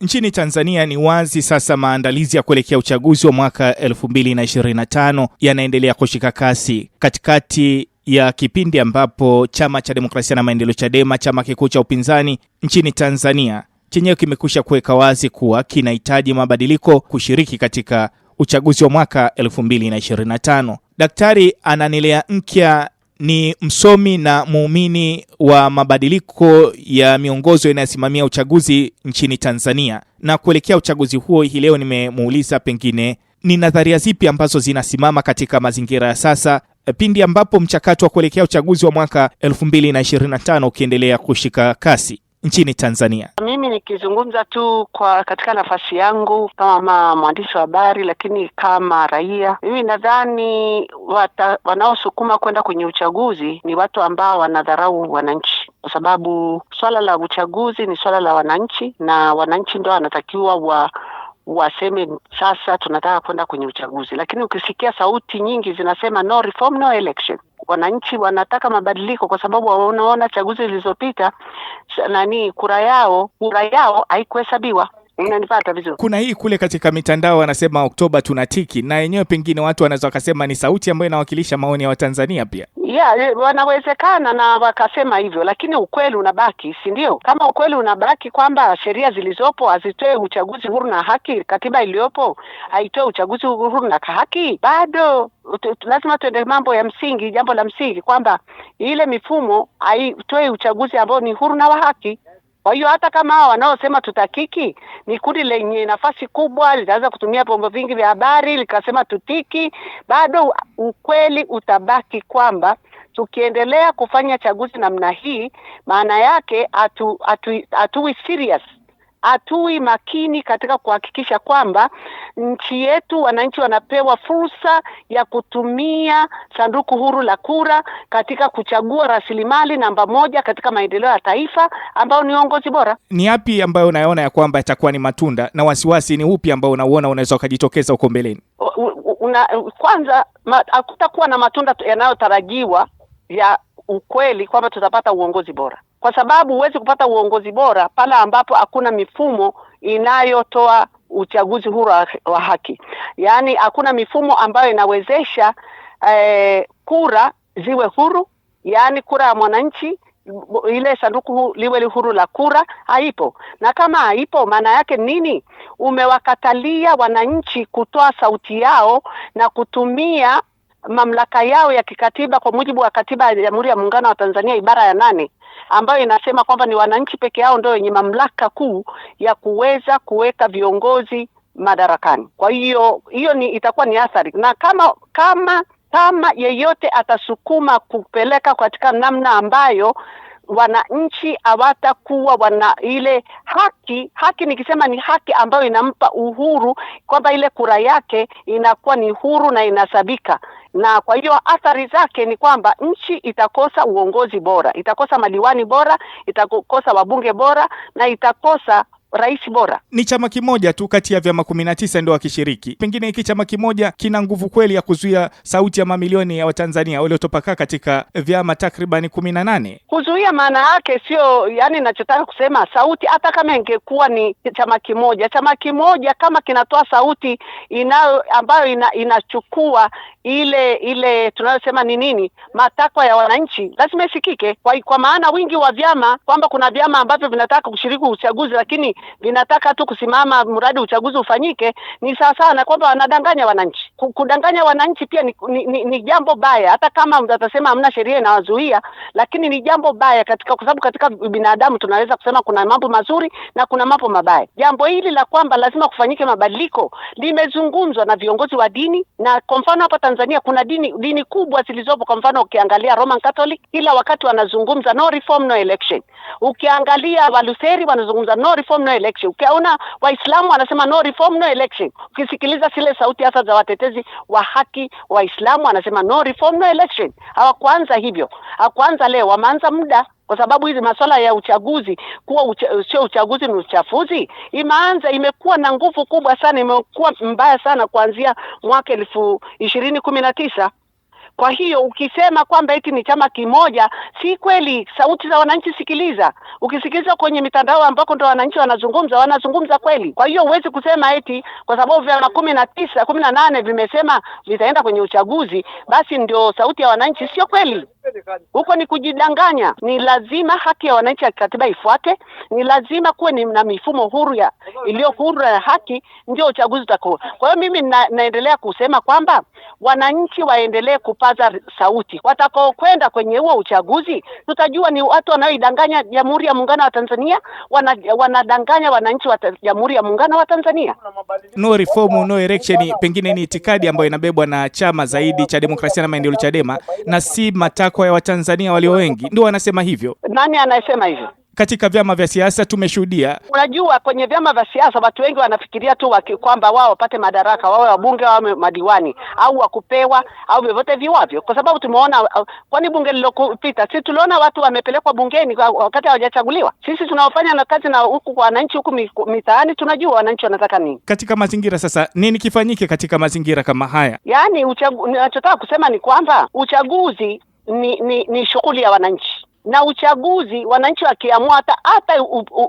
Nchini Tanzania ni wazi sasa maandalizi ya kuelekea uchaguzi wa mwaka 2025 yanaendelea kushika kasi katikati ya kipindi ambapo chama cha demokrasia na maendeleo Chadema, chama kikuu cha upinzani nchini Tanzania, chenyewe kimekwisha kuweka wazi kuwa kinahitaji mabadiliko kushiriki katika uchaguzi wa mwaka 2025. Daktari ananilea Nkya ni msomi na muumini wa mabadiliko ya miongozo inayosimamia uchaguzi nchini Tanzania. Na kuelekea uchaguzi huo, hii leo nimemuuliza pengine ni nadharia zipi ambazo zinasimama katika mazingira ya sasa eh, pindi ambapo mchakato wa kuelekea uchaguzi wa mwaka 2025 ukiendelea kushika kasi nchini Tanzania. Mimi nikizungumza tu kwa katika nafasi yangu kama mwandishi wa habari, lakini kama raia, mimi nadhani wanaosukuma kwenda kwenye uchaguzi ni watu ambao wanadharau wananchi, kwa sababu swala la uchaguzi ni swala la wananchi, na wananchi ndio wanatakiwa wa waseme sasa tunataka kwenda kwenye uchaguzi, lakini ukisikia sauti nyingi zinasema no reform no election, wananchi wanataka mabadiliko kwa sababu wanaona chaguzi zilizopita nani kura yao kura yao haikuhesabiwa. Unanipata vizuri? Kuna hii kule katika mitandao wanasema Oktoba tunatiki, na yenyewe pengine watu wanaweza wakasema ni sauti ambayo inawakilisha maoni ya Watanzania pia. Yeah, wanawezekana na wakasema hivyo, lakini ukweli unabaki, si ndio? Kama ukweli unabaki kwamba sheria zilizopo hazitoe uchaguzi huru na haki, katiba iliyopo haitoe uchaguzi huru na haki, bado lazima tuende mambo ya msingi, jambo la msingi kwamba ile mifumo haitoi uchaguzi ambao ni huru na wa haki. Kwa hiyo hata kama hao wanaosema tutakiki ni kundi lenye nafasi kubwa, litaweza kutumia vyombo vingi vya habari likasema tutiki, bado ukweli utabaki kwamba tukiendelea kufanya chaguzi namna hii, maana yake hatu, atu, hatuwi serious hatui makini katika kuhakikisha kwamba nchi yetu wananchi wanapewa fursa ya kutumia sanduku huru la kura katika kuchagua rasilimali namba moja katika maendeleo ya taifa ambao ni uongozi bora. Ni yapi ambayo unaona ya kwamba itakuwa ni matunda, na wasiwasi ni upi ambao unauona unaweza ukajitokeza huko mbeleni? Una, kwanza hakutakuwa na matunda yanayotarajiwa ya ukweli kwamba tutapata uongozi bora, kwa sababu huwezi kupata uongozi bora pale ambapo hakuna mifumo inayotoa uchaguzi huru wa haki, yaani hakuna mifumo ambayo inawezesha eh, kura ziwe huru, yaani kura ya mwananchi ile sanduku liwe huru la kura haipo. Na kama haipo, maana yake nini? Umewakatalia wananchi kutoa sauti yao na kutumia mamlaka yao ya kikatiba kwa mujibu wa katiba ya Jamhuri ya Muungano wa Tanzania ibara ya nane ambayo inasema kwamba ni wananchi peke yao ndio wenye mamlaka kuu ya kuweza kuweka viongozi madarakani. Kwa hiyo hiyo ni itakuwa ni athari, na kama kama kama yeyote atasukuma kupeleka katika namna ambayo wananchi hawatakuwa wana ile haki. Haki nikisema ni haki ambayo inampa uhuru, kwamba ile kura yake inakuwa ni huru na inasabika na kwa hiyo athari zake ni kwamba nchi itakosa uongozi bora, itakosa madiwani bora, itakosa wabunge bora na itakosa rais bora. Ni chama kimoja tu kati ya vyama kumi na tisa ndio wakishiriki. Pengine hiki chama kimoja kina nguvu kweli ya kuzuia sauti ya mamilioni ya Watanzania waliotopakaa katika vyama takribani kumi na nane. Kuzuia maana yake sio, yani ninachotaka kusema sauti, hata kama ingekuwa ni chama kimoja, chama kimoja kama kinatoa sauti inayo ambayo ina, inachukua ile ile tunayosema ni nini, matakwa ya wananchi lazima isikike kwa, kwa maana wingi wa vyama kwamba kuna vyama ambavyo vinataka kushiriki uchaguzi lakini vinataka tu kusimama mradi uchaguzi ufanyike, ni sawa na kwamba wanadanganya wananchi. Kudanganya wananchi pia ni, ni, ni, ni jambo baya, hata kama mtasema hamna sheria inawazuia, lakini ni jambo baya katika, kwa sababu katika binadamu tunaweza kusema kuna mambo mazuri na kuna mambo mabaya. Jambo hili la kwamba lazima kufanyike mabadiliko limezungumzwa na viongozi wa dini, na kwa mfano hapa Tanzania kuna dini dini kubwa zilizopo, kwa mfano ukiangalia Roman Catholic kila wakati wanazungumza no reform no election, ukiangalia Walutheri wanazungumza no reform no election. Ukiona Waislamu wanasema no reform no election, ukisikiliza zile sauti hasa za watetezi wa haki Waislamu wanasema no reform no election. Hawakuanza hivyo, hawakuanza leo, wameanza muda kwa sababu hizi masuala ya uchaguzi kuwa ucha, sio uchaguzi ni uchafuzi, imeanza imekuwa na nguvu kubwa sana, imekuwa mbaya sana kuanzia mwaka elfu ishirini kumi na tisa kwa hiyo ukisema kwamba hiki ni chama kimoja, si kweli. Sauti za wananchi, sikiliza. Ukisikiliza kwenye mitandao ambako ndo wananchi wanazungumza, wanazungumza kweli. Kwa hiyo huwezi kusema eti kwa sababu vyama kumi na tisa kumi na nane vimesema vitaenda kwenye uchaguzi, basi ndio sauti ya wananchi. Sio kweli huko ni kujidanganya. Ni lazima haki ya wananchi ya kikatiba ifuate, ni lazima kuwe na mifumo huru ya iliyo huru ya haki, ndio uchaguzi utakuwa. Kwa hiyo mimi na, naendelea kusema kwamba wananchi waendelee kupaza sauti. Watakaokwenda kwenye huo uchaguzi, tutajua ni watu wanaoidanganya Jamhuri ya Muungano wa Tanzania, wana, wanadanganya wananchi wa Jamhuri ya Muungano wa Tanzania. No reform no election, pengine ni itikadi ambayo inabebwa na chama zaidi cha demokrasia na maendeleo, Chadema, na si matako yako ya Watanzania walio wengi ndio wanasema hivyo. Nani anayesema hivyo? Katika vyama vya siasa tumeshuhudia. Unajua, kwenye vyama vya siasa watu wengi wanafikiria tu kwamba wao wapate madaraka, wawe wabunge, wawe madiwani au wakupewa au vyovyote viwavyo, kwa sababu tumeona. Kwani bunge lililopita, si tuliona watu wamepelekwa bungeni wakati hawajachaguliwa? Sisi tunaofanya na kazi na huku kwa wananchi huku mitaani, tunajua wananchi wanataka nini katika mazingira. Sasa nini kifanyike katika mazingira kama haya? Yaani, nachotaka kusema ni kwamba uchaguzi ni, ni, ni shughuli ya wananchi na uchaguzi, wananchi wakiamua hata hata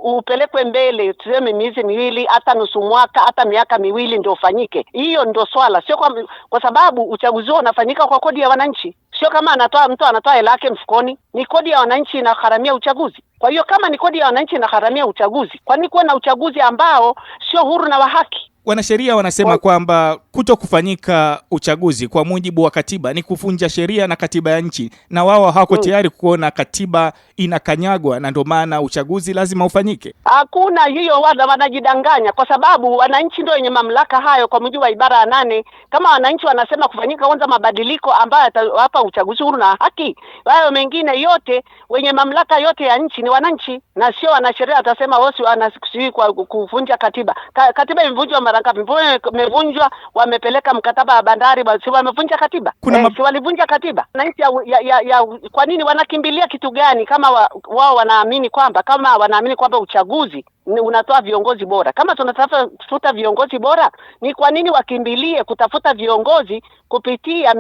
upelekwe mbele, tuseme miezi miwili, hata nusu mwaka, hata miaka miwili ndio ufanyike. Hiyo ndio swala, sio kwa, kwa sababu uchaguzi huo unafanyika kwa kodi ya wananchi, sio kama anatoa mtu anatoa hela yake mfukoni. Ni kodi ya wananchi inagharamia uchaguzi. Kwa hiyo kama ni kodi ya wananchi inagharamia uchaguzi, kwani kuwa na uchaguzi ambao sio huru na wa haki? wanasheria wanasema kwamba kuto kufanyika uchaguzi kwa mujibu wa katiba ni kufunja sheria na katiba ya nchi, na wao hawako mm. tayari kuona katiba inakanyagwa, na ndio maana uchaguzi lazima ufanyike. Hakuna hiyo, wana wanajidanganya, kwa sababu wananchi ndio wenye mamlaka hayo kwa mujibu wa ibara ya nane. Kama wananchi wanasema kufanyika kwanza mabadiliko ambayo yatawapa uchaguzi huru na haki, hayo mengine yote, wenye mamlaka yote ya nchi ni wananchi na sio wanasheria. Watasema wao si kwa kuvunja katiba. Ka, katiba imevunjwa mara wangapi? Mbona imevunjwa? Wamepeleka mkataba wa bandari, si wamevunja katiba eh, ma... si walivunja katiba wananchi ya, ya, ya, ya, kwa nini wanakimbilia kitu gani? Kama wao wa wanaamini kwamba kama wanaamini kwamba uchaguzi unatoa viongozi bora, kama tunatafuta viongozi bora, ni kwa nini wakimbilie kutafuta viongozi kupitia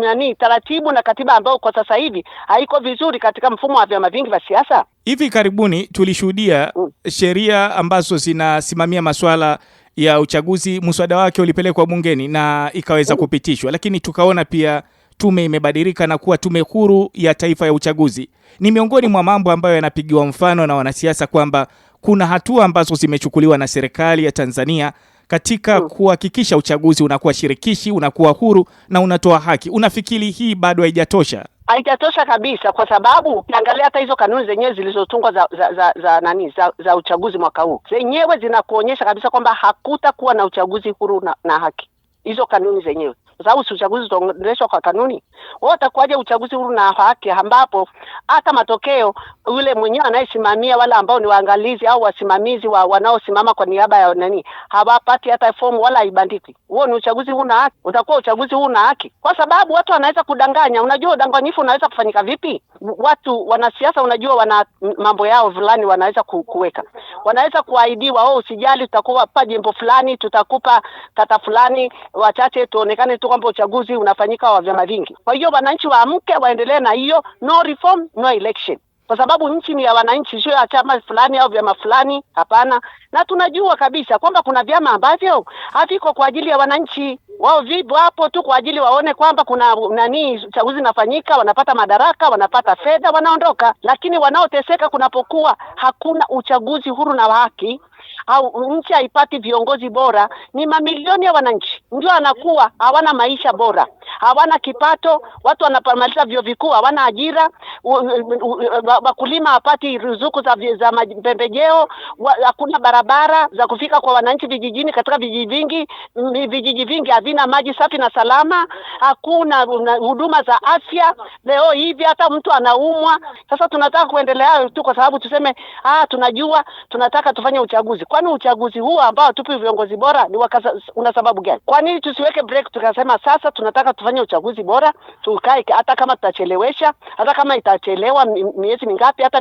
nani taratibu na katiba ambayo kwa sasa hivi haiko vizuri katika mfumo wa vyama vingi vya siasa. Hivi karibuni tulishuhudia mm, sheria ambazo zinasimamia masuala ya uchaguzi mswada wake ulipelekwa bungeni na ikaweza oh. kupitishwa, lakini tukaona pia tume imebadilika na kuwa tume huru ya taifa ya uchaguzi. Ni miongoni mwa mambo ambayo yanapigiwa mfano na wanasiasa kwamba kuna hatua ambazo zimechukuliwa na serikali ya Tanzania katika oh. kuhakikisha uchaguzi unakuwa shirikishi, unakuwa huru na unatoa haki. Unafikiri hii bado haijatosha? haijatosha kabisa, kwa sababu ukiangalia hata hizo kanuni zenyewe zilizotungwa za za, za, za nani za, za uchaguzi mwaka huu zenyewe zinakuonyesha kabisa kwamba hakutakuwa na uchaguzi huru na, na haki. Hizo kanuni zenyewe kwa sababu si uchaguzi utaendeshwa kwa kanuni. Wao watakuwaje uchaguzi huru na haki, ambapo hata matokeo yule mwenyewe anayesimamia, wale ambao ni waangalizi au wasimamizi wa, wanaosimama kwa niaba ya nani, hawapati hata fomu wala haibandiki. Huo ni uchaguzi huru na haki, utakuwa uchaguzi huru na haki, kwa sababu watu wanaweza kudanganya. Unajua udanganyifu unaweza kufanyika vipi? Watu wanasiasa, unajua wana mambo yao fulani wanaweza kuweka, wanaweza kuahidiwa, oh, usijali, tutakupa jimbo fulani, tutakupa kata fulani, wachache tuonekane tu tu kwamba uchaguzi unafanyika wa vyama vingi. Kwa hiyo wananchi waamke, waendelee na hiyo no reform no election, kwa sababu nchi ni ya wananchi, sio ya chama fulani au vyama fulani. Hapana, na tunajua kabisa kwamba kuna vyama ambavyo haviko kwa ajili ya wananchi wao vipo hapo tu kwa ajili waone kwamba kuna nani uchaguzi inafanyika, wanapata madaraka, wanapata fedha, wanaondoka. Lakini wanaoteseka kunapokuwa hakuna uchaguzi huru na wa haki, au nchi haipati viongozi bora, ni mamilioni ya wananchi ndio anakuwa hawana maisha bora, hawana kipato, watu wanapamaliza vyuo vikuu hawana ajira, wakulima hapati ruzuku za, za pembejeo, hakuna barabara za kufika kwa wananchi vijijini. Katika vijiji vingi vijiji vingi havina maji safi na salama, hakuna huduma za afya. Leo hivi hata mtu anaumwa. Sasa tunataka kuendelea tu kwa sababu tuseme ah, tunajua tunataka tufanye uchaguzi uchaguzi. Kwani uchaguzi huu ambao tupi viongozi bora ni wakasa, una sababu gani? Kwa nini tusiweke break tukasema sasa tunataka tufanye uchaguzi bora, tukae hata kama tutachelewesha, hata kama itachelewa miezi mingapi, hata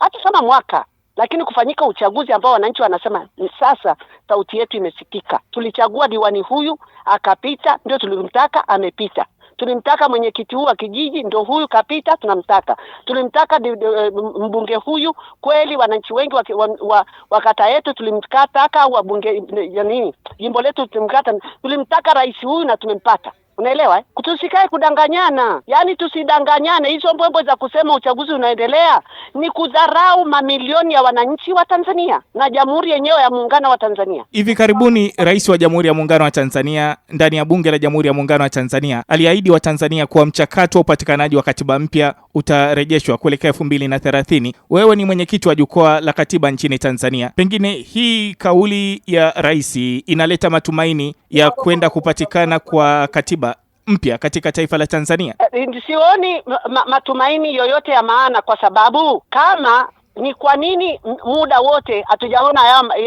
hata kama mwaka lakini kufanyika uchaguzi ambao wananchi wanasema sasa sauti yetu imesikika. Tulichagua diwani huyu akapita, ndio tulimtaka, amepita tulimtaka mwenyekiti huu wa kijiji, ndo huyu kapita, tunamtaka. Tulimtaka eh, mbunge huyu kweli, wananchi wengi wa, wa, wa, wa kata yetu tulimkataka, wabunge eh, nini jimbo letu tulimkata, tulimtaka rais huyu na tumempata. Unaelewa eh? Tusikae kudanganyana, yaani tusidanganyane. Hizo mbwembwe za kusema uchaguzi unaendelea ni kudharau mamilioni ya wananchi wa Tanzania na jamhuri yenyewe ya muungano wa Tanzania. Hivi karibuni rais wa Jamhuri ya Muungano wa Tanzania ndani ya Bunge la Jamhuri ya Muungano wa Tanzania aliahidi wa tanzania kuwa mchakato wa upatikanaji wa katiba mpya utarejeshwa kuelekea elfu mbili na thelathini. Wewe ni mwenyekiti wa jukwaa la katiba nchini Tanzania, pengine hii kauli ya rais inaleta matumaini ya kwenda kupatikana kwa katiba mpya katika taifa la Tanzania? Eh, sioni matumaini yoyote ya maana, kwa sababu kama ni kwa nini muda wote hatujaona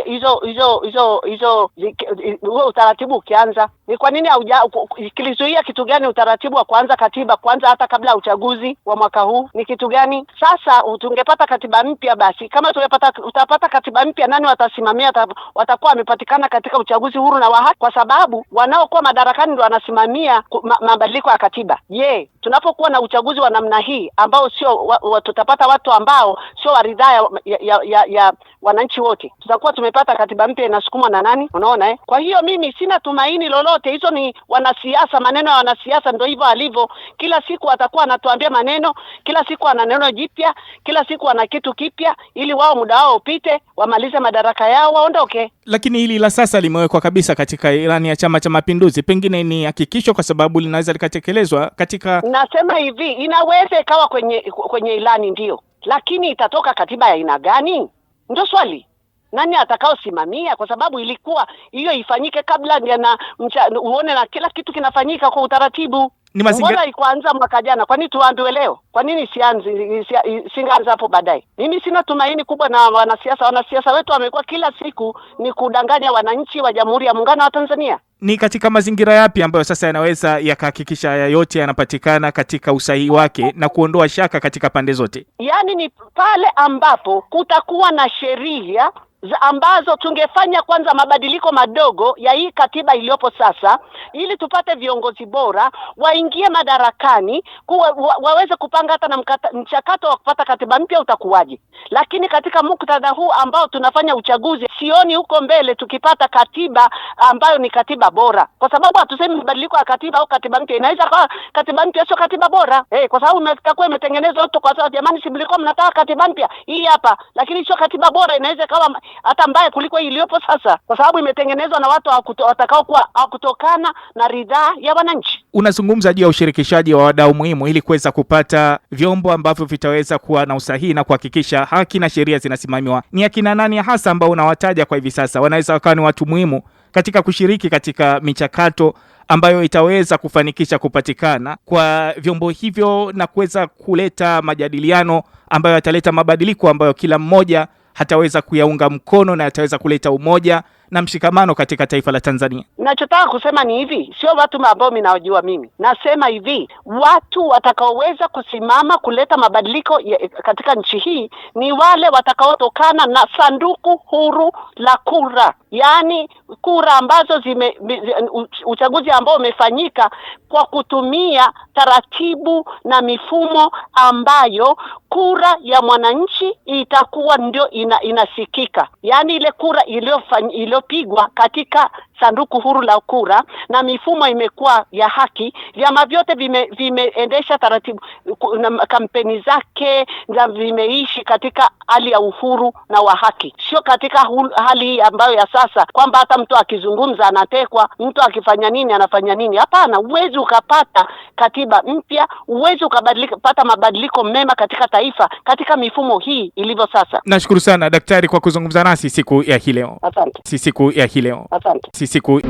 hizo hizo hizo hizo huo utaratibu ukianza? Ni kwa nini kilizuia kitu gani utaratibu wa kuanza katiba kwanza, hata kabla ya uchaguzi wa mwaka huu? Ni kitu gani sasa? Tungepata katiba mpya basi, kama tungepata utapata katiba mpya, nani watasimamia? Watakuwa wamepatikana katika uchaguzi huru na wa haki, kwa sababu wanaokuwa madarakani ndio wanasimamia ma, mabadiliko ya katiba. Je, tunapokuwa na uchaguzi wa namna hii ambao sio wa, wa, tutapata watu ambao sio ridhaa ya, ya, ya, ya wananchi wote, tutakuwa tumepata katiba mpya inasukumwa na nani? Unaona eh? Kwa hiyo mimi sina tumaini lolote. Hizo ni wanasiasa, maneno ya wanasiasa, ndio hivyo alivyo. Kila siku atakuwa anatuambia maneno, kila siku ana neno jipya, kila siku ana kitu kipya, ili wao muda wao upite, wamalize madaraka yao, waondoke. Okay. Lakini hili la sasa limewekwa kabisa katika ilani ya Chama cha Mapinduzi, pengine ni hakikisho, kwa sababu linaweza likatekelezwa katika, nasema hivi, inaweza ikawa kwenye kwenye ilani ndio lakini itatoka katiba ya aina gani? Ndio swali. Nani atakaosimamia? Kwa sababu ilikuwa hiyo ifanyike kabla na mcha, uone na kila kitu kinafanyika kwa utaratibu. Ni mazingira mbona ikuanza mwaka jana? Kwa nini tuambiwe leo? Kwa nini sianzi singaanza hapo baadaye? Mimi sina tumaini kubwa na wanasiasa. Wanasiasa wetu wamekuwa kila siku ni kudanganya wananchi wa Jamhuri ya Muungano wa Tanzania ni katika mazingira yapi ambayo sasa yanaweza yakahakikisha haya yote yanapatikana katika usahihi wake na kuondoa shaka katika pande zote? Yaani ni pale ambapo kutakuwa na sheria ambazo tungefanya kwanza mabadiliko madogo ya hii katiba iliyopo sasa, ili tupate viongozi bora waingie madarakani kuwa, wa, waweze kupanga hata na mkata, mchakato wa kupata katiba mpya utakuwaje. Lakini katika muktadha huu ambao tunafanya uchaguzi, sioni huko mbele tukipata katiba ambayo ni katiba bora, kwa sababu hatusemi mabadiliko ya katiba au katiba mpya. Inaweza kuwa katiba mpya sio katiba bora hey, eh, kwa sababu itakuwa imetengenezwa tu kwa sababu jamani, si mlikuwa mnataka katiba mpya hii hapa, lakini sio katiba bora. Inaweza ikawa hata mbaya kuliko iliyopo sasa, kwa sababu imetengenezwa na watu watakaokuwa hawakutokana na ridhaa ya wananchi. Unazungumza juu ya ushirikishaji wa wadau muhimu ili kuweza kupata vyombo ambavyo vitaweza kuwa na usahihi na kuhakikisha haki na sheria zinasimamiwa. Ni akina nani hasa ambao unawataja kwa hivi sasa wanaweza wakawa ni watu muhimu katika kushiriki katika michakato ambayo itaweza kufanikisha kupatikana kwa vyombo hivyo na kuweza kuleta majadiliano ambayo yataleta mabadiliko ambayo kila mmoja hataweza kuyaunga mkono na yataweza kuleta umoja na mshikamano katika taifa la Tanzania. Ninachotaka kusema ni hivi, sio watu ambao ninawajua mimi. Nasema hivi, watu watakaoweza kusimama kuleta mabadiliko katika nchi hii ni wale watakaotokana na sanduku huru la kura yaani kura ambazo zime uchaguzi ambao umefanyika kwa kutumia taratibu na mifumo ambayo kura ya mwananchi itakuwa ndio ina, inasikika, yaani ile kura iliyopigwa katika sanduku huru la kura na mifumo imekuwa ya haki. Vyama vyote vime, vimeendesha taratibu na kampeni zake na vimeishi katika hali ya uhuru na wa haki, sio katika hul, hali hii ambayo ya sasa kwamba hata mtu akizungumza anatekwa, mtu akifanya nini anafanya nini. Hapana, huwezi ukapata katiba mpya, huwezi ukapata mabadiliko mema katika taifa katika mifumo hii ilivyo sasa. Nashukuru sana daktari kwa kuzungumza nasi siku ya hii leo. Asante. Si siku ya hii leo. Asante. Si se cu.